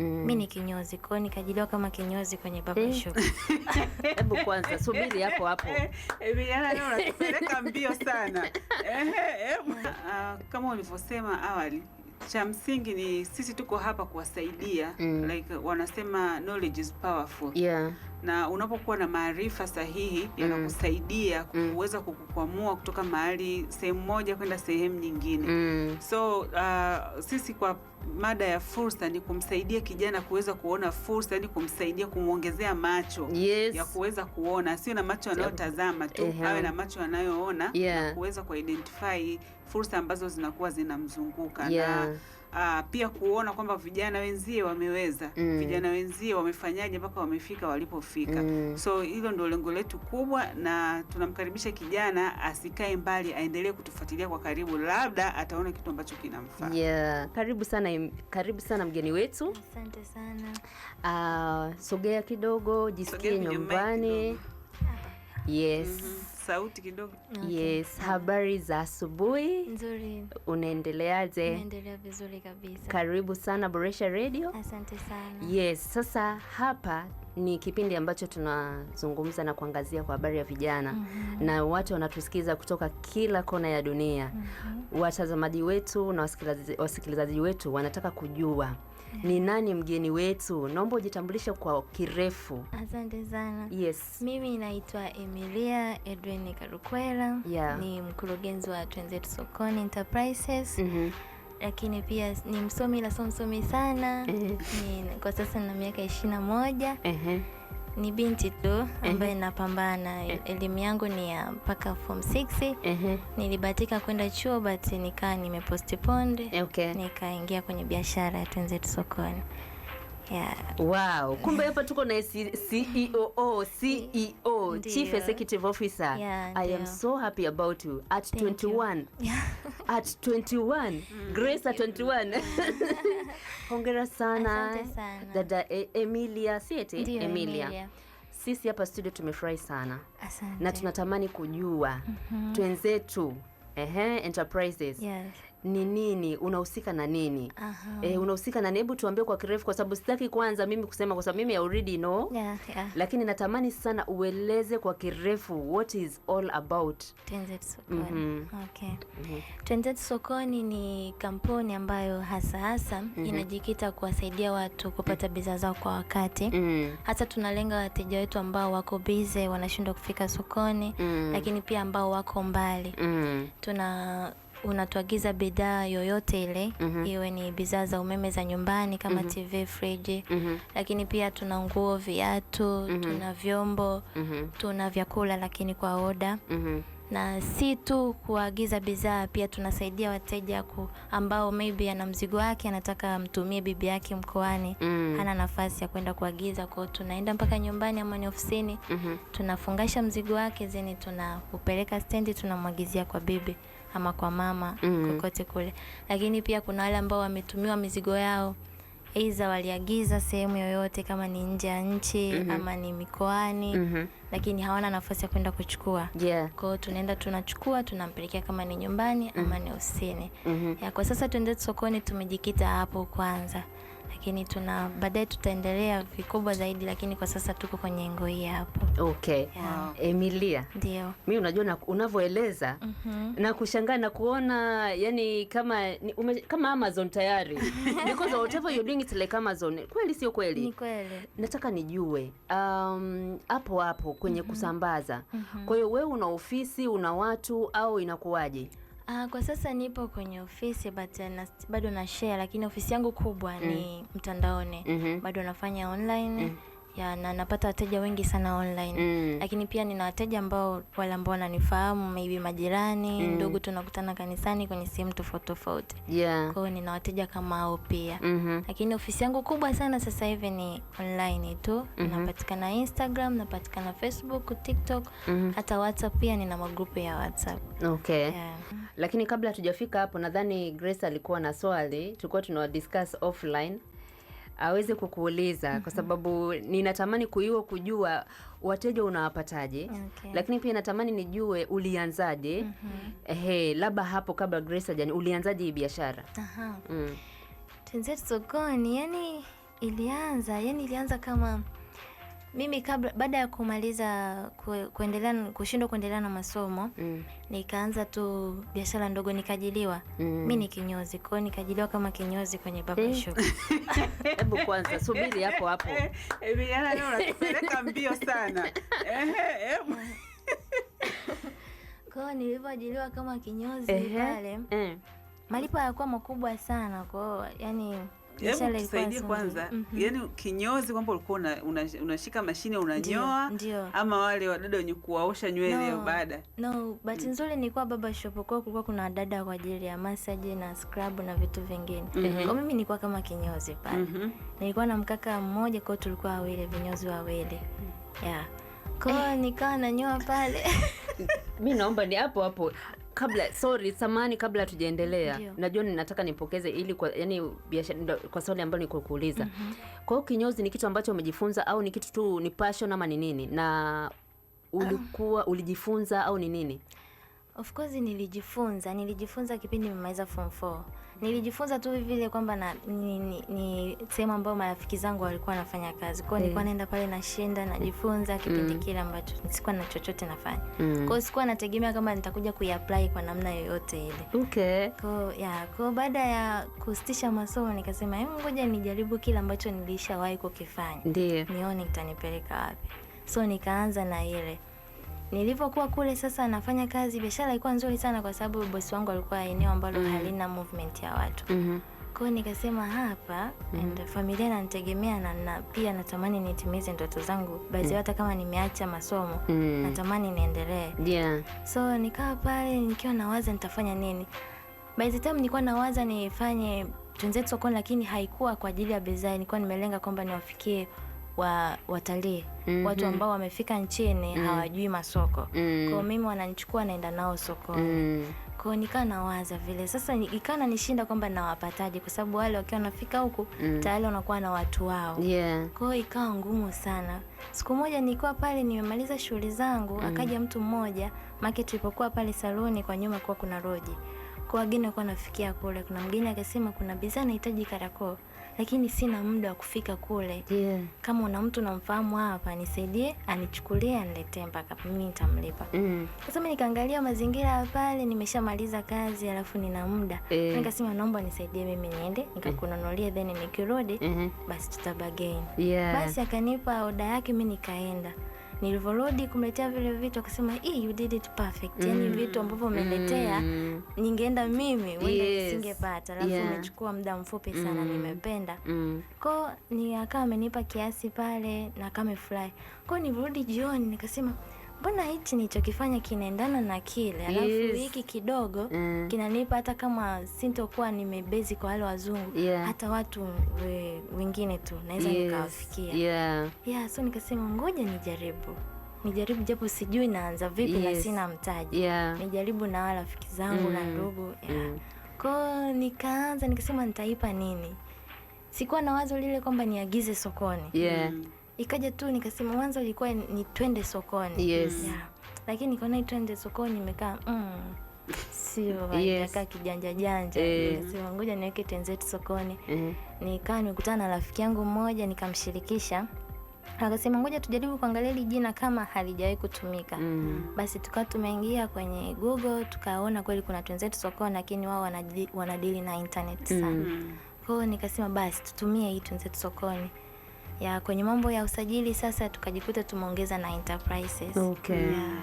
Mm. Mi ni kinyozi kwao, nikajiliwa kama kinyozi kwenye barbershop. Eh. Hebu kwanza subiri hapo hapo, eh, eh, unatupeleka mbio sana. Ah, kama ulivyosema awali, cha msingi ni sisi tuko hapa kuwasaidia mm. like wanasema knowledge is powerful. Yeah. Na unapokuwa na maarifa sahihi mm. yanakusaidia mm. kuweza mm. kukukwamua kutoka mahali sehemu moja kwenda sehemu nyingine mm. so uh, sisi kwa mada ya fursa ni kumsaidia kijana kuweza kuona fursa, yani kumsaidia kumwongezea macho yes, ya kuweza kuona, sio na macho yanayotazama tu uh -huh. awe na macho yanayoona yeah, na kuweza kuidentify fursa ambazo zinakuwa zinamzunguka yeah. na uh, pia kuona kwamba vijana wenzie wameweza mm. vijana wenzie wamefanyaje mpaka wamefika walipofika mm. So hilo ndio lengo letu kubwa, na tunamkaribisha kijana asikae mbali, aendelee kutufuatilia kwa karibu, labda ataona kitu ambacho kinamfaa. Yeah. Karibu sana sana, karibu sana mgeni wetu. Asante sana. Uh, sogea kidogo, jisikie nyumbani. Yes. Mm -hmm sauti kidogo. Okay. Yes, mm. habari za asubuhi. Nzuri. Unaendeleaje? Naendelea vizuri kabisa. Karibu sana Boresha Radio. Asante sana. Yes, sasa hapa ni kipindi ambacho tunazungumza na kuangazia kwa habari ya vijana mm -hmm. na watu wanatusikiza kutoka kila kona ya dunia mm -hmm. watazamaji wetu na wasikilizaji wetu wanataka kujua ni nani mgeni wetu? Naomba ujitambulishe kwa kirefu. Asante sana. Yes. Mimi naitwa Emilia Edwin Karukwela. Yeah. Ni mkurugenzi wa Twenzetu Sokoni Enterprises. mm -hmm. Lakini pia ni msomi, la somsomi sana. mm -hmm. Ni kwa sasa na miaka ishirini na moja. mm -hmm. Ni binti tu ambaye napambana. Elimu yangu ni ya mpaka form 6. nilibatika kwenda chuo but nikaa nimepostpone. Okay. Nikaingia kwenye biashara ya tenzetu Sokoni. Yeah. Wow. Kumbe hapa tuko na CEO, oh, CEO, Chief Executive Officer. Yeah, I am so happy about you. At Thank 21. You. At 21. Mm, Grace at 21. Hongera sana. Dada e, Emilia, si eti Emilia. Emilia. Sisi hapa studio tumefurahi sana. Asante. Na tunatamani kujua mm -hmm. twenzetu ehe, enterprises. Yes ni nini, unahusika na nini? E, unahusika na nini? Hebu tuambie kwa kirefu, kwa sababu sitaki kwanza mimi kusema, kwa sababu mimi already know yeah, yeah. Lakini natamani sana ueleze kwa kirefu what is all about tenzet Sokoni. mm -hmm. Okay. mm -hmm. Sokoni ni kampuni ambayo hasa hasa mm -hmm. inajikita kuwasaidia watu kupata mm. bidhaa zao kwa wakati mm -hmm. hasa tunalenga wateja wetu ambao wako bize wanashindwa kufika sokoni mm -hmm. lakini pia ambao wako mbali mm -hmm. tuna unatuagiza bidhaa yoyote ile mm -hmm. iwe ni bidhaa za umeme za nyumbani kama mm -hmm. TV, friji mm -hmm. lakini pia tuna nguo, viatu mm -hmm. tuna vyombo mm -hmm. tuna vyakula lakini kwa oda mm -hmm. na si tu kuagiza bidhaa, pia tunasaidia wateja ku, ambao maybe ana mzigo wake anataka amtumie bibi yake mkoani mm -hmm. hana nafasi ya kwenda kuagiza kwao, tunaenda mpaka nyumbani ama ni ofisini mm -hmm. tunafungasha mzigo wake zeni, tunaupeleka stendi, tunamwagizia kwa bibi ama kwa mama mm. kokote kule, lakini pia kuna wale ambao wametumiwa mizigo yao aidha waliagiza sehemu yoyote kama ni nje ya nchi mm -hmm. ama ni mikoani mm -hmm. lakini hawana nafasi ya kwenda kuchukua yeah. kwao tunaenda tunachukua tunampelekea kama ni nyumbani mm -hmm. ama ni ofisini mm -hmm. ya, kwa sasa tuende sokoni tumejikita hapo kwanza lakini tuna baadaye tutaendelea vikubwa zaidi, lakini kwa sasa tuko kwenye ngoi hapo. Okay. Yeah. Wow. Emilia, ndio mi unajua unavyoeleza mm -hmm. na kushangaa na kuona yani kama ni, ume, kama Amazon tayari because whatever you doing it like Amazon. Kweli sio kweli? Ni kweli. Nataka nijue hapo um, hapo kwenye mm -hmm. kusambaza mm -hmm. kwa hiyo wewe una ofisi una watu au inakuwaje? Uh, kwa sasa nipo kwenye ofisi but eh, na, bado na share lakini ofisi yangu kubwa mm. ni mtandaoni mm -hmm. bado nafanya online mm ya na napata wateja wengi sana online mm. Lakini pia nina wateja ambao wale ambao wananifahamu maybe majirani mm. Ndugu tunakutana kanisani kwenye sehemu tofauti tofauti yeah. Kwa hiyo nina wateja kama hao pia mm -hmm. Lakini ofisi yangu kubwa sana sasa hivi ni online tu mm -hmm. Napatikana Instagram, napatikana Facebook, TikTok mm -hmm. Hata WhatsApp pia nina magrupu ya WhatsApp okay. Yeah. Lakini kabla hatujafika hapo, nadhani Grace alikuwa na swali, tulikuwa tunawa discuss offline aweze kukuuliza kwa mhm. sababu ninatamani kuiwa kujua wateja unawapataje, okay. Lakini pia natamani nijue ulianzaje, mm -hmm. labda hapo kabla Grace ulianzaje hii biashara? mm. Tenzetu sokoni, yani ilianza yani ilianza kama mimi kabla baada ya kumaliza kuendelea kushindwa kuendelea na masomo mm. nikaanza tu biashara ndogo nikajiliwa mm. mi ni kinyozi kwao, nikajiliwa kama kinyozi kwenye barber mm. shop. Hebu kwanza subiri hapo hapo, eh, unatupeleka mbio sana kwao. Nilivyoajiliwa kama kinyozi pale, mm. malipo hayakuwa makubwa sana kwao, yani hebu tusaidie kwanza mm -hmm. Yaani kinyozi kwamba ulikuwa unashika una mashine unanyoa ama wale wadada wenye kuwaosha nywele no, baada no, bahati mm. nzuri mm. nilikuwa baba shop kwa kulikuwa kuna wadada kwa ajili ya massage na scrub na vitu vingine mm -hmm. Kwa mimi nilikuwa kama kinyozi pale mm -hmm. Nilikuwa na mkaka mmoja kwa tulikuwa wawili vinyozi wawili mm. yeah. Kwa eh, nikawa nanyoa pale mi naomba ni hapo hapo kabla, sorry samani, kabla tujaendelea, najua ninataka nipokeze ili kwa, yani biashara kwa swali ambalo niko kuuliza. mm -hmm. Kwa hiyo kinyozi ni kitu ambacho umejifunza au ni kitu tu ni passion ama ni nini, na ulikuwa um, ulijifunza au ni nini? Of course nilijifunza, nilijifunza kipindi nimemaliza form 4 nilijifunza tu vile kwamba na ni, ni, ni sehemu ambayo marafiki zangu walikuwa wanafanya kazi kwao, nilikuwa mm. naenda pale nashinda najifunza kipindi mm. kile ambacho sikuwa na chochote nafanya mm. kwao, sikuwa nategemea kama nitakuja kuiapply kwa namna yoyote ile okay. Kwao ya kwao, baada ya kusitisha masomo nikasema hebu ngoja nijaribu kile ambacho nilishawahi kukifanya, ndio nione kitanipeleka wapi, so nikaanza na ile Nilivyokuwa kule sasa nafanya kazi, biashara ilikuwa nzuri sana kwa sababu bosi wangu alikuwa eneo ambalo mm -hmm. halina movement ya watu mm -hmm. kwa nikasema hapa mm -hmm. and familia nanitegemea na, na pia natamani nitimize ndoto zangu basi mm -hmm. hata kama nimeacha masomo mm -hmm. natamani niendelee yeah. so nikawa pale nikiwa nawaza nitafanya nini. By the time nilikuwa nawaza nifanye Tunzetu Sokoni, lakini haikuwa kwa ajili ya bidhaa, nilikuwa nimelenga kwamba niwafikie wa watalii mm -hmm. Watu ambao wamefika nchini mm -hmm. hawajui masoko mm -hmm. Kwao mimi wananichukua naenda nao sokoni mm -hmm. Kwa nikaa nawaza vile sasa, ikaa nanishinda kwamba nawapataje, kwa sababu wale wakiwa wanafika huku mm tayari wanakuwa na watu wao yeah. Kwao ikawa ngumu sana. Siku moja nilikuwa pale nimemaliza shughuli zangu mm Akaja mtu mmoja make, tulipokuwa pale saluni kwa nyuma kuwa kuna roji kwa wageni wakuwa nafikia kule, kuna mgeni akasema kuna bidhaa nahitaji karakoo lakini sina muda wa kufika kule. Yeah. Kama una mtu namfahamu hapa nisaidie, anichukulie aniletee mpaka mimi nitamlipa. Mm. Sasa nikaangalia mazingira ya pale, nimeshamaliza kazi alafu nina muda. Yeah. Nikasema naomba nisaidie mimi niende mm. then nikirudi mm -hmm. basi tutabageni Yeah. Basi akanipa oda yake, mi nikaenda nilivyorudi kumletea vile vitu akasema eh, you did it perfect mm. Yani vitu ambavyo umeletea mm. ningeenda mimi wenda yes. nisingepata alafu yeah. umechukua muda mfupi sana mm. nimependa mm. ko ni akawa amenipa kiasi pale na kama furahi ko nilirudi jioni nikasema mbona hichi kifanya kinaendana na kile, alafu hiki kidogo mm. kinanipa hata kama sintokuwa nimebezi kwa wale wazungu yeah. hata watu we, wengine tu naweza yes. nikawafikia yeah. yeah, so nikasema ngoja nijaribu nijaribu japo sijui naanza vipi yes. na sina mtaji yeah. nijaribu na wale rafiki zangu mm. na ndugu yeah. mm. kwao nikaanza nikasema nitaipa nini, sikuwa na wazo lile kwamba niagize sokoni yeah. mm ikaja tu nikasema, mwanzo ilikuwa ni twende sokoni yes. yeah. Lakini nikaona hii twende sokoni imekaa mm, sio yes. kijanja janja yes. Eh. Nikasema ngoja niweke twenzetu sokoni eh. Nikaa nimekutana na rafiki yangu mmoja nikamshirikisha akasema ngoja tujaribu kuangalia hili jina kama halijawahi kutumika. mm. Basi tukawa tumeingia kwenye Google tukaona kweli kuna Twenzetu Sokoni, lakini wao wanadili na internet mm. sana. mm. Kwao nikasema basi tutumie hii Twenzetu Sokoni ya kwenye mambo ya usajili sasa tukajikuta tumeongeza na enterprises. Okay. Yeah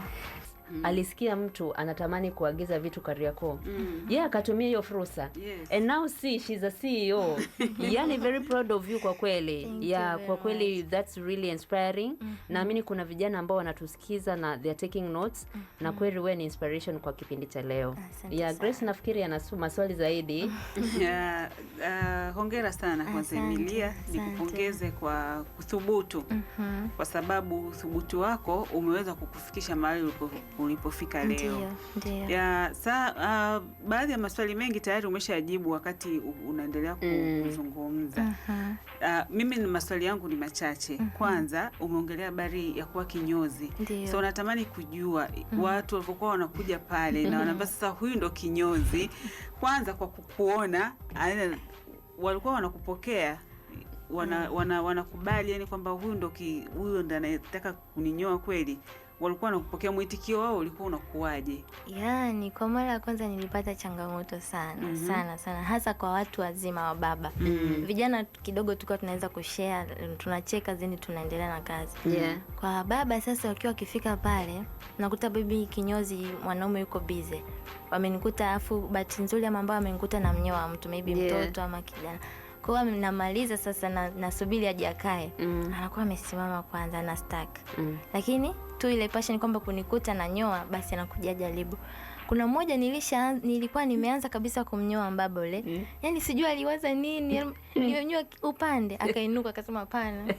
mm. alisikia mtu anatamani kuagiza vitu Kariakoo mm. yeye yeah, akatumia hiyo fursa yes. and now see she's a CEO yani very proud of you kwa kweli ya yeah kwa kweli much. that's really inspiring mm -hmm. naamini kuna vijana ambao wanatusikiza na they are taking notes mm -hmm. na kweli wewe ni inspiration kwa kipindi cha leo ya yeah Grace nafikiri ana maswali zaidi yeah, uh, hongera sana kwanza Emilia nikupongeze kwa kuthubutu mm -hmm. kwa sababu thubutu wako umeweza kukufikisha mahali ulipo ulipofika leo. Ya, sa, uh, baadhi ya maswali mengi tayari umeshajibu wakati unaendelea mm. kuzungumza. mm. uh -huh. Uh, mimi ni maswali yangu ni machache. uh mhm. -huh. Kwanza umeongelea habari ya kuwa kinyozi. Ndiyo. So unatamani kujua uh mhm. -huh. watu walivyokuwa wanakuja pale na mhm. wanaambia sasa huyu ndo kinyozi kwanza kwa kukuona walikuwa wanakupokea wana, mm. wana, wanakubali yani kwamba huyu ndo huyu ndo anayetaka kuninyoa kweli? walikuwa wanakupokea, mwitikio wao ulikuwa unakuwaje? yani kwa mara ya kwanza nilipata changamoto sana mm -hmm. sana sana, hasa kwa watu wazima wa baba mm -hmm. vijana kidogo tulikuwa tunaweza kushea tunacheka zini, tunaendelea na kazi mm. yeah. Kwa baba sasa, wakiwa wakifika pale nakuta bibi kinyozi mwanaume yuko bize, wamenikuta afu bahati nzuri ama ambao wamenikuta na mnyoa wa mtu maybe yeah. mtoto ama kijana kwa hiyo namaliza sasa na, nasubiri aje akae mm. Anakuwa amesimama kwanza na stack mm. Lakini tu ile passion kwamba kunikuta na nyoa basi anakuja jaribu. Kuna mmoja nilisha nilikuwa nimeanza kabisa kumnyoa mbabole mm. yani sijui aliwaza nini yaani nyoa upande, akainuka akasema hapana,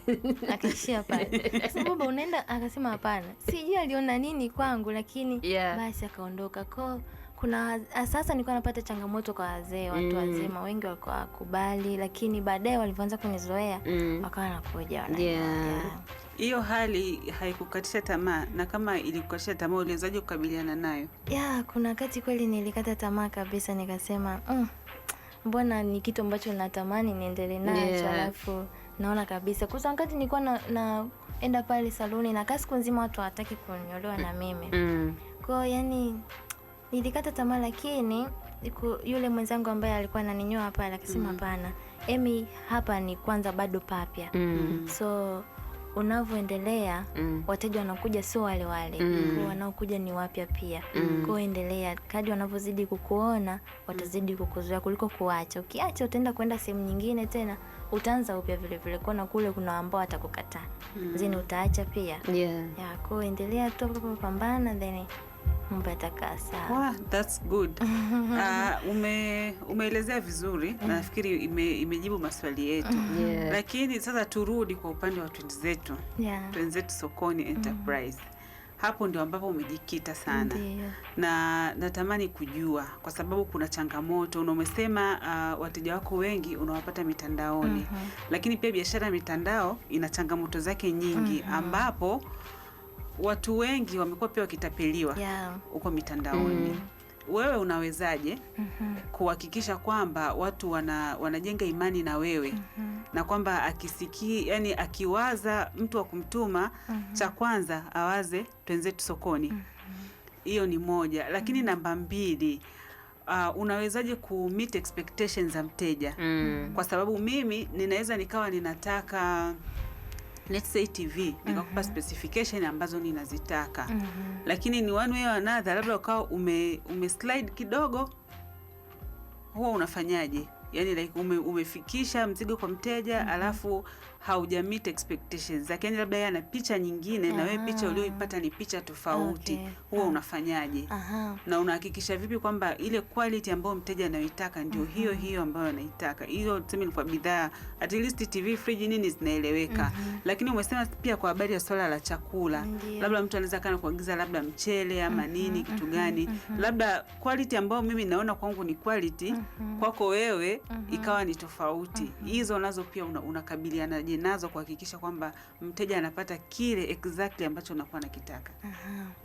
akaishia pale sababu unaenda, akasema hapana, sijui aliona nini kwangu, lakini yeah. Basi akaondoka kwao kuna eh, sasa nilikuwa napata changamoto kwa wazee, watu mm. wazima wengi walikuwa wakubali, lakini baadaye walivyoanza kunizoea mm. wakawa nakuja hiyo yeah. hali haikukatisha tamaa? Na kama ilikukatisha tamaa, uliwezaje kukabiliana nayo? Yeah, kuna wakati kweli nilikata tamaa kabisa, nikasema mm, mbona ni kitu ambacho natamani niendelee nacho, alafu naona kabisa kusa wakati nilikuwa na, naenda pale saluni na kaa siku nzima watu hawataki kunyolewa mm. na mimi mm. kwao yani Nilikata tamaa, lakini yule mwenzangu ambaye alikuwa ananinyoa hapa akasema mm. hapana, mm. Emi, hapa ni kwanza bado papya mm. so unavyoendelea mm. wateja wanakuja sio wale wale mm. wanaokuja ni wapya pia mm. kwao, endelea kadi wanavyozidi kukuona watazidi kukuzoea kuliko kuacha. Ukiacha utaenda kwenda sehemu nyingine tena utaanza upya vile vile, kuona kule kuna ambao watakukataa mm. zini utaacha pia yeah. ya kwao, endelea tu, pambana then Mba That's good. Uh, ume, umeelezea vizuri na nafikiri ime, imejibu maswali yetu Lakini sasa turudi kwa upande wa twende zetu yeah. zetu sokoni mm-hmm. enterprise mm. Hapo ndio ambapo umejikita sana Ndiyo. Na natamani kujua kwa sababu kuna changamoto na umesema uh, wateja wako wengi unawapata mitandaoni mm -hmm. Lakini pia biashara ya mitandao ina changamoto zake nyingi mm -hmm. ambapo watu wengi wamekuwa pia wakitapeliwa huko yeah. mitandaoni mm. Wewe unawezaje mm -hmm. kuhakikisha kwamba watu wana, wanajenga imani na wewe mm -hmm. na kwamba akisiki, yani akiwaza mtu wa kumtuma mm -hmm. cha kwanza awaze twenzetu sokoni mm-hmm. hiyo mm -hmm. ni moja, lakini mm -hmm. namba mbili Uh, unawezaje ku meet expectations za mteja mm. Kwa sababu mimi ninaweza nikawa ninataka let's say TV nikakupa mhm. specification ambazo ninazitaka mm -hmm. Lakini ni one way or another, labda ukawa ume, ume slide kidogo, huwa unafanyaje? Yani like ume, umefikisha mzigo kwa mteja mm -hmm. alafu hauja meet expectations lakini labda yeye ana picha nyingine na wewe picha ulioipata ni picha tofauti okay. huwa unafanyaje? Aha. na unahakikisha vipi kwamba ile quality ambayo mteja anayoitaka ndio mhm. hiyo hiyo ambayo anaitaka? Hiyo tuseme ni kwa bidhaa, at least TV, fridge, nini zinaeleweka. Aha. Mhm. lakini umesema pia kwa habari ya swala la chakula, labda mtu anaweza kana kuagiza labda mchele ama Aha. Mhm. nini kitu gani, labda quality ambayo mimi naona kwangu ni quality Aha. kwako wewe Aha. ikawa ni tofauti. Aha. hizo nazo pia unakabiliana una unazokujaje nazo kuhakikisha kwamba mteja anapata kile exactly ambacho unakuwa nakitaka.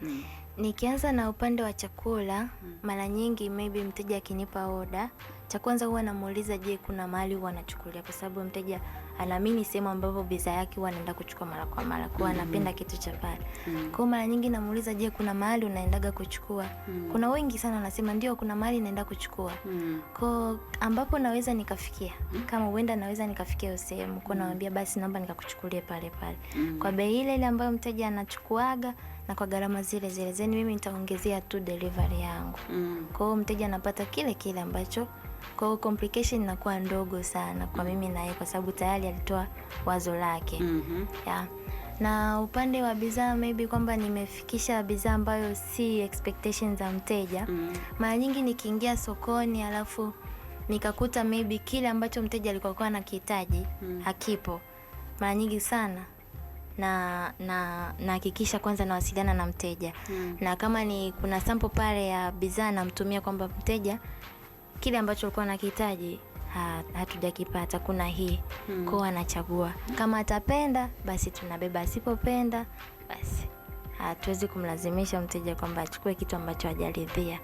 Mm. Nikianza na upande wa chakula, mm. mara nyingi maybe mteja akinipa oda cha kwanza huwa namuuliza, je, kuna mahali huwa anachukulia, kwa sababu mteja anaamini sehemu ambapo bidhaa yake huwa anaenda kuchukua mara kwa mara, kwa anapenda mm. -hmm. kitu cha pale mm. -hmm. kwa mara nyingi namuuliza, je, kuna mahali unaendaga kuchukua mm. -hmm. kuna wengi sana wanasema ndio, kuna mahali naenda kuchukua mm. -hmm. kwa ambapo naweza nikafikia mm-hmm. kama huenda naweza nikafikia hiyo sehemu, kwa mm-hmm. naambia basi, naomba nikakuchukulie pale pale mm. -hmm. kwa bei ile ile ambayo mteja anachukuaga na kwa gharama zile zile zeni, mimi nitaongezea tu delivery yangu mm. -hmm. kwa hiyo mteja anapata kile kile ambacho kwa hiyo complication inakuwa ndogo sana kwa mimi na yeye, kwa sababu tayari alitoa wazo lake mm -hmm. yeah. na upande wa bidhaa maybe kwamba nimefikisha bidhaa ambayo si expectation za mteja mm -hmm. mara nyingi nikiingia sokoni alafu nikakuta maybe kile ambacho mteja alikuwa anakihitaji mm -hmm. hakipo mara nyingi sana na na nahakikisha kwanza nawasiliana na mteja mm. na kama ni kuna sample pale ya bidhaa namtumia kwamba mteja kile ambacho ulikuwa unakihitaji ha, hatujakipata, kuna hii hmm. Kwao anachagua kama atapenda basi tunabeba, asipopenda basi hatuwezi kumlazimisha mteja kwamba achukue kitu ambacho hajaridhia.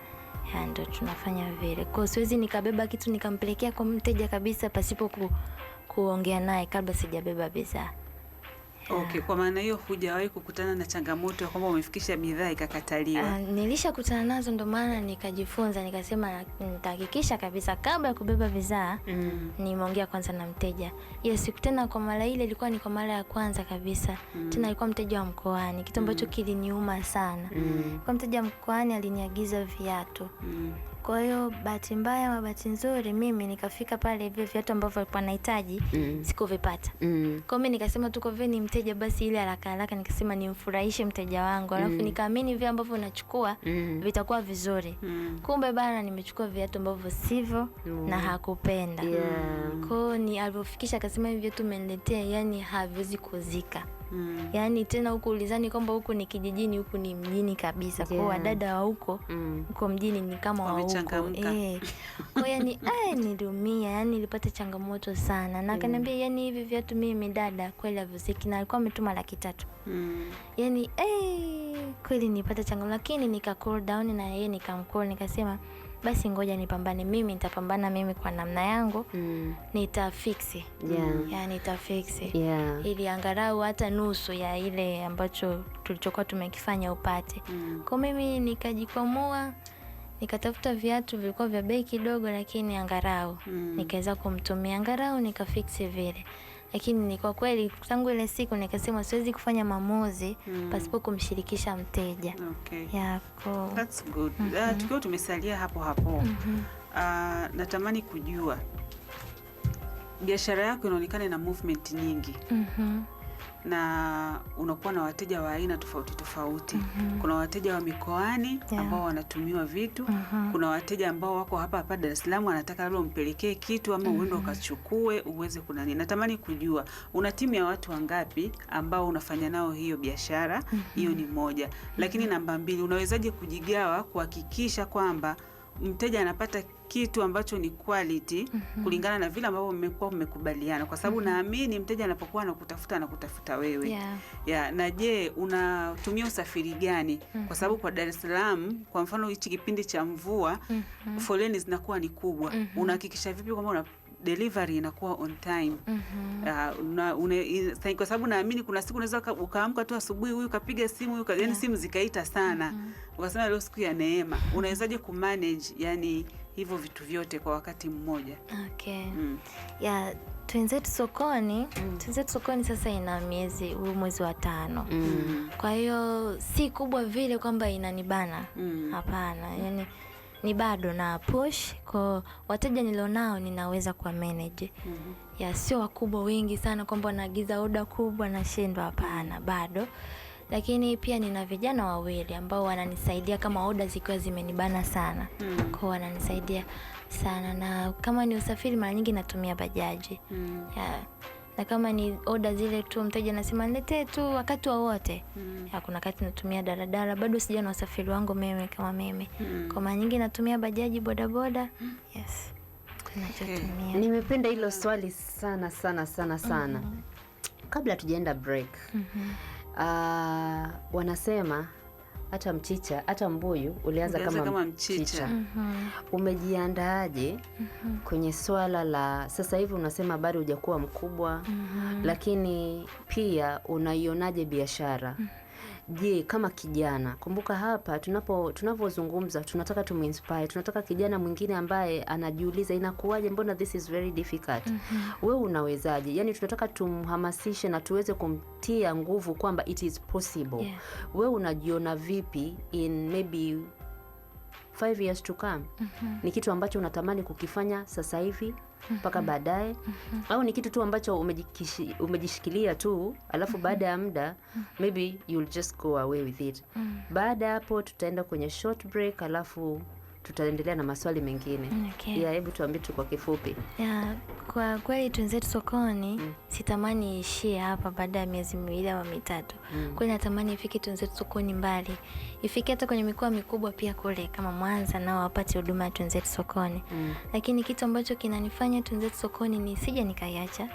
Ndo tunafanya vile kwao, siwezi nikabeba kitu nikampelekea kwa mteja kabisa pasipo ku, kuongea naye kabla sijabeba bidhaa. Okay, kwa maana hiyo hujawahi kukutana na changamoto ya kwamba umefikisha bidhaa ikakataliwa? Uh, nilishakutana nazo, ndio maana nikajifunza, nikasema nitahakikisha kabisa kabla ya kubeba bidhaa mm. nimeongea kwanza na mteja. Yes, siku tena, kwa mara ile ilikuwa ni kwa mara ya kwanza kabisa mm. tena alikuwa mteja wa mkoani, kitu ambacho mm. kiliniuma sana mm. kwa mteja wa mkoani aliniagiza viatu mm. Kwa hiyo bahati mbaya ama bahati nzuri, mimi nikafika pale, hivyo viatu ambavyo alikuwa anahitaji mm. sikuvipata mm. Kwa hiyo mimi nikasema tu kwa vile ni mteja, basi ile haraka haraka nikasema nimfurahishe mteja wangu, alafu mm. nikaamini vile ambavyo nachukua mm. vitakuwa vizuri mm. Kumbe bana, nimechukua viatu ambavyo sivyo mm. na hakupenda yeah. Kwa hiyo ni alivyofikisha akasema hivi viatu umeniletea, yani haviwezi kuzika mm. Yaani tena huku ulizani kwamba huku ni kijijini, huku ni mjini kabisa yeah. Kwao wadada wa huko mm. huko mm. mjini ni kama wa huko eh. Kwa yani eh, nilumia yani nilipata changamoto sana na mm. akaniambia mm. yani hivi viatu mimi dada kweli havisiki, na alikuwa ametuma laki tatu mm. yani eh, kweli nilipata changamoto, lakini nika cool down na yeye nikamcall nikasema basi ngoja nipambane mimi, nitapambana mimi kwa namna yangu mm. nitafiksi yeah. yeah, nitafiksi yeah. ili angalau hata nusu ya ile ambacho tulichokuwa tumekifanya upate mm. kwa mimi nikajikwamua nikatafuta viatu vilikuwa vya bei kidogo, lakini angarau mm. nikaweza kumtumia angarau nikafiksi vile lakini ni kwa kweli tangu ile siku nikasema siwezi kufanya maamuzi mm. pasipo kumshirikisha mteja okay. yako That's good. Mm -hmm. Uh, tukiwa tumesalia hapo hapo mm -hmm. Uh, natamani kujua biashara yako inaonekana na movement nyingi mm -hmm na unakuwa na wateja wa aina tofauti tofauti. mm -hmm. Kuna wateja wa mikoani yeah. ambao wanatumiwa vitu mm -hmm. Kuna wateja ambao wako hapa hapa Dar es Salaam, anataka labda umpelekee kitu ama uende mm -hmm. ukachukue uweze kunani. Natamani kujua una timu ya watu wangapi ambao unafanya nao hiyo biashara mhm. hiyo? mm -hmm. Ni moja, lakini mhm. namba mbili, unawezaje kujigawa kuhakikisha kwamba mteja anapata kitu ambacho ni quality mm -hmm. kulingana na vile ambavyo mmekuwa mmekubaliana, kwa sababu mm -hmm. naamini mteja anapokuwa anakutafuta anakutafuta wewe yeah. Yeah, na je, unatumia usafiri gani? mm -hmm. kwa mhm. sababu kwa Dar es Salaam kwa mfano hichi kipindi cha mvua mm -hmm. foleni zinakuwa ni kubwa mm -hmm. unahakikisha vipi kwamba una delivery inakuwa on time mm -hmm. uh, una, una, kwa sababu naamini kuna siku unaweza ukaamka tu asubuhi huyu kapiga simu huyu, yani yeah. simu zikaita sana mm -hmm. ukasema leo siku ya neema, unawezaje kumanage yani hivyo vitu vyote kwa wakati mmoja. Okay. Mm. Ya Twenzetu Sokoni mm. Twenzetu Sokoni sasa ina miezi huu mwezi wa tano mm. Kwa hiyo si kubwa vile kwamba inanibana mm. Hapana, yani ni bado na push kwa wateja nilionao, ninaweza kuwa manage mm -hmm. Ya sio wakubwa wengi sana kwamba naagiza oda kubwa nashindwa, hapana, bado lakini pia nina vijana wawili ambao wananisaidia kama oda zikiwa zimenibana sana mm. kwao wananisaidia sana, na kama ni usafiri mara nyingi natumia bajaji mm. yeah. na kama ni oda zile tu mteja anasema niletee tu wakati wowote mm. kuna wakati natumia daladala, bado sija na usafiri wangu mimi kama mimi mm. kwa mara nyingi natumia bajaji, bodaboda mm. yes. Okay. Nimependa hilo swali sana sana sana sana. mm -hmm. Kabla tujaenda break mm -hmm uh, wanasema hata mchicha hata mbuyu ulianza kama, kama mchicha, mchicha. Mm -hmm. Umejiandaaje mm -hmm. kwenye swala la sasa hivi unasema bado hujakuwa mkubwa mm -hmm. lakini pia unaionaje biashara mm -hmm. Je, kama kijana, kumbuka hapa tunapo tunapozungumza tunataka tuminspire, tunataka kijana mwingine ambaye anajiuliza inakuwaje, mbona this is very difficult mm -hmm. Wewe unawezaje? Yani tunataka tumhamasishe na tuweze kumtia nguvu kwamba it is possible yeah. Wewe unajiona vipi in maybe five years to come mm -hmm. ni kitu ambacho unatamani kukifanya sasa hivi mhm. mpaka mm -hmm. baadaye mm -hmm. au ni kitu tu ambacho umejishikilia tu alafu mm -hmm. baada ya muda mm -hmm. maybe you'll just go away with it mm -hmm. baada ya hapo tutaenda kwenye short break alafu tutaendelea na maswali mengine okay. Yeah, hebu tuambie tu kwa kifupi. Yeah, kwa kweli Twenzetu Sokoni mm. sitamani iishie hapa baada ya miezi miwili au mitatu mm. kweli natamani ifike Twenzetu Sokoni mbali, ifike hata kwenye mikoa mikubwa pia kule kama Mwanza nao wapate huduma ya Twenzetu Sokoni mm. lakini kitu ambacho kinanifanya Twenzetu Sokoni ni sija nikaiacha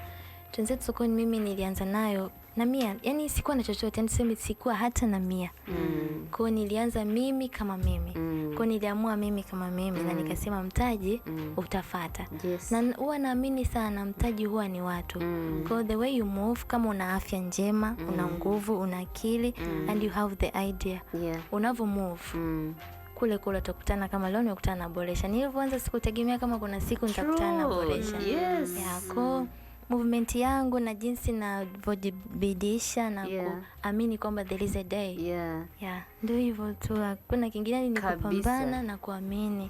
Tanzania sokoni mimi nilianza nayo na mia, yani sikuwa na chochote, yani tuseme sikuwa hata na mia mm. Kwao nilianza mimi kama mimi mm. Kwao niliamua mimi kama mimi mm. na nikasema mtaji mm. utafata yes. Na huwa naamini sana mtaji huwa ni watu mm. Kwao the way you move, kama una afya njema mm. una nguvu, una akili mm. and you have the idea yeah. unavyo move mm kule kule utakutana, kama leo nimekutana na Boresha. Nilivyoanza sikutegemea kama kuna siku nitakutana na Boresha. Yes. Yako Yeah, movement yangu na jinsi navyojibidisha na kuamini yeah. kwamba there is a day yeah. yeah. Ndio hivyo tu, hakuna kingine, ni kupambana na kuamini.